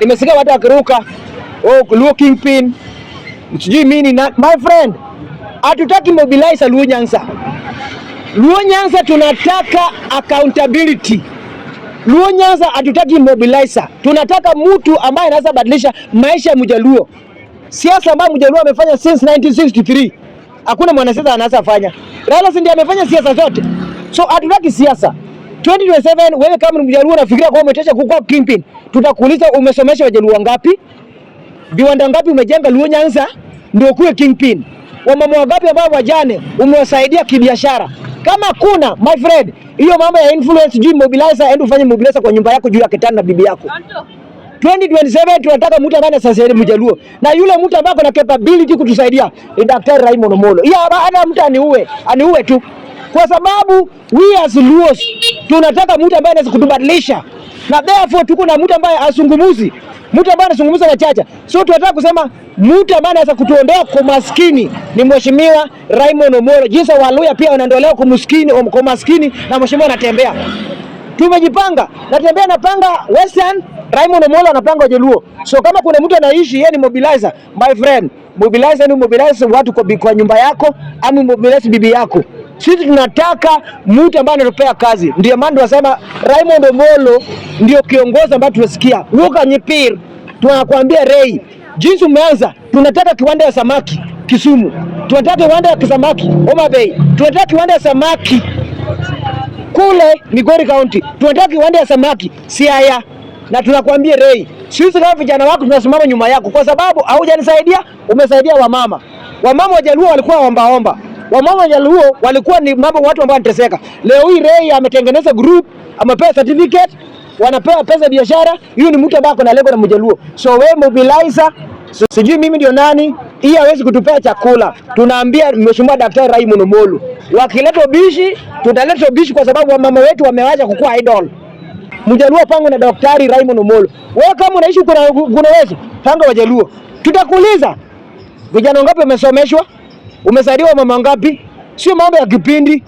Nimesikia watu wakiruka oh, looking pin sijui mini na my friend, hatutaki mobilize Luo Nyanza. Luo Nyanza tunataka accountability. Luo Nyanza hatutaki mobilizer, tunataka mtu ambaye anaweza badilisha maisha ya mjaluo. Siasa ambayo mjaluo amefanya since 1963 hakuna mwanasiasa anaweza fanya. Raila ndiye amefanya siasa zote, so hatutaki siasa. 2027 wewe kama Mjaluo unafikiria kwa umetosha kukua kingpin, tutakuuliza umesomesha Wajaluo ngapi? Viwanda ngapi umejenga Luo Nyanza ndio kuwe kingpin? Wamama wangapi ambao wajane umewasaidia kibiashara? Kama kuna my friend, hiyo mambo ya influence juu mobilizer, endu ufanye mobilizer kwa nyumba yako juu ya kitanda na bibi yako. 2027 tunataka mtu ambaye anasaidia Mjaluo na yule mtu ambaye ana capability kutusaidia ni Daktari Raymond Omolo. Yeye ana mtu aniue, aniue tu. Kwa sababu we as Luos tunataka mtu ambaye anaweza kutubadilisha, na therefore tuko na mtu ambaye asungumuzi, mtu ambaye anazungumza na chacha. So tunataka kusema mtu ambaye anaweza kutuondoa kwa maskini ni mheshimiwa Raymond Omolo, jinsi Waluya pia wanaondolewa kwa maskini kwa maskini na mheshimiwa anatembea. Tumejipanga, natembea napanga Western, Raymond Omolo anapanga Wajaluo. So kama kuna mtu anaishi yeye ni mobilizer, my friend, mobilize ni mobilize watu kwa, kwa nyumba yako ama mobilize bibi yako. Sisi tunataka mtu ambaye anatupea kazi, ndio maana tunasema Raymond Omolo ndio kiongozi ambaye tunasikia Luka Nyipir. Tunakwambia Rei, jinsi umeanza, tunataka kiwanda ya samaki Kisumu, tunataka kiwanda ya samaki Homa Bay, tunataka kiwanda ya samaki kule Migori County, tunataka kiwanda ya samaki Siaya, na tunakwambia Rei, sisi kama vijana wako tunasimama nyuma yako, kwa sababu haujanisaidia, umesaidia wamama. Wamama wajaluo walikuwa ombaomba Wamama Wanyaluo walikuwa ni mambo watu ambao wanateseka. Leo hii Rei ametengeneza group, amepewa certificate, wanapewa pesa biashara. Hiyo ni mtu ambaye ako na lengo na Mjaluo. So we mobilizer, so, sijui mimi ndio nani, hii hawezi kutupea chakula. Tunaambia Mheshimiwa Daktari Rai Monomolu, wakileta bishi, tutaleta bishi kwa sababu wamama wetu wamewacha kukua idol. Mjaluo pango na Daktari Rai Monomolu. Wewe kama unaishi kuna kuna wezo, panga Wajaluo. Tutakuuliza vijana ngapi wamesomeshwa? umezaliwa mama ngapi? Sio mambo ya kipindi.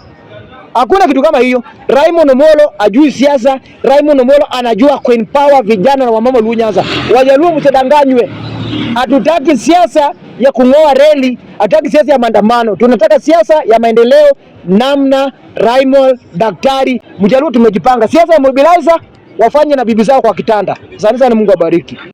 Hakuna kitu kama hiyo. Raymond Omolo ajui siasa. Raymond Omolo anajua queen power, vijana na wamama Luo Nyanza. Wajaluo msidanganywe. Hatutaki siasa ya kung'oa reli, hatutaki siasa ya maandamano. Tunataka siasa ya maendeleo namna Raymond daktari Mjaluo tumejipanga. Siasa ya mobilizer wafanye na bibi zao kwa kitanda. Sana sana Mungu abariki.